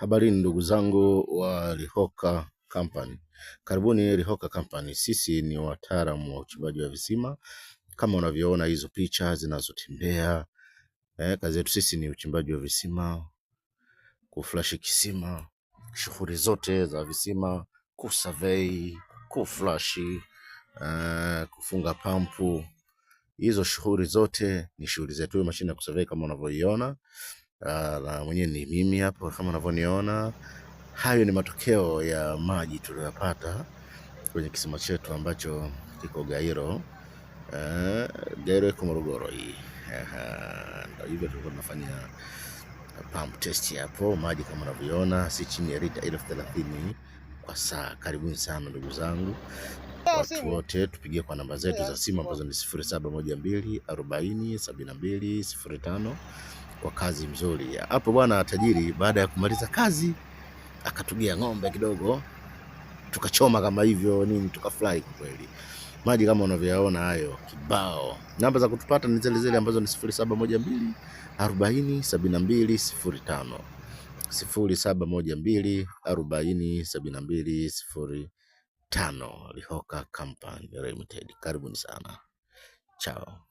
Habari ndugu zangu wa Lihoka Company, karibuni Lihoka Company. Sisi ni wataalamu wa uchimbaji wa visima, kama unavyoona hizo picha zinazotembea. Eh, kazi yetu sisi ni uchimbaji wa visima, kuflashi kisima, shughuli zote za visima, kusurvey, kuflashi, eh, kufunga pampu, hizo shughuli zote ni shughuli zetu. Mashine ya kusurvey kama unavyoiona Ah, na mwenyewe ni mimi hapo kama unavyoniona. Hayo ni matokeo ya maji tuliyopata kwenye kisima chetu ambacho kiko Gairo. Uh, Gairo iko Morogoro hii. Ndio hivyo tulikuwa tunafanya pump test hapo, maji kama unavyoona si chini ya lita elfu thelathini kwa saa. Karibuni sana ndugu zangu, watu wote tupigie kwa namba zetu za simu ambazo ni sifuri saba moja mbili arobaini sabini na mbili sifuri tano kwa kazi mzuri hapo bwana. Tajiri baada ya kumaliza kazi akatugia ng'ombe kidogo, tukachoma kama hivyo nini, tukafurahi kweli. Maji kama unavyoyaona hayo kibao. Namba za kutupata ni zile zile ambazo ni 0712 40 tano 05, 0712 40 72 05, Lihoka Company Limited. Karibuni sana, chao.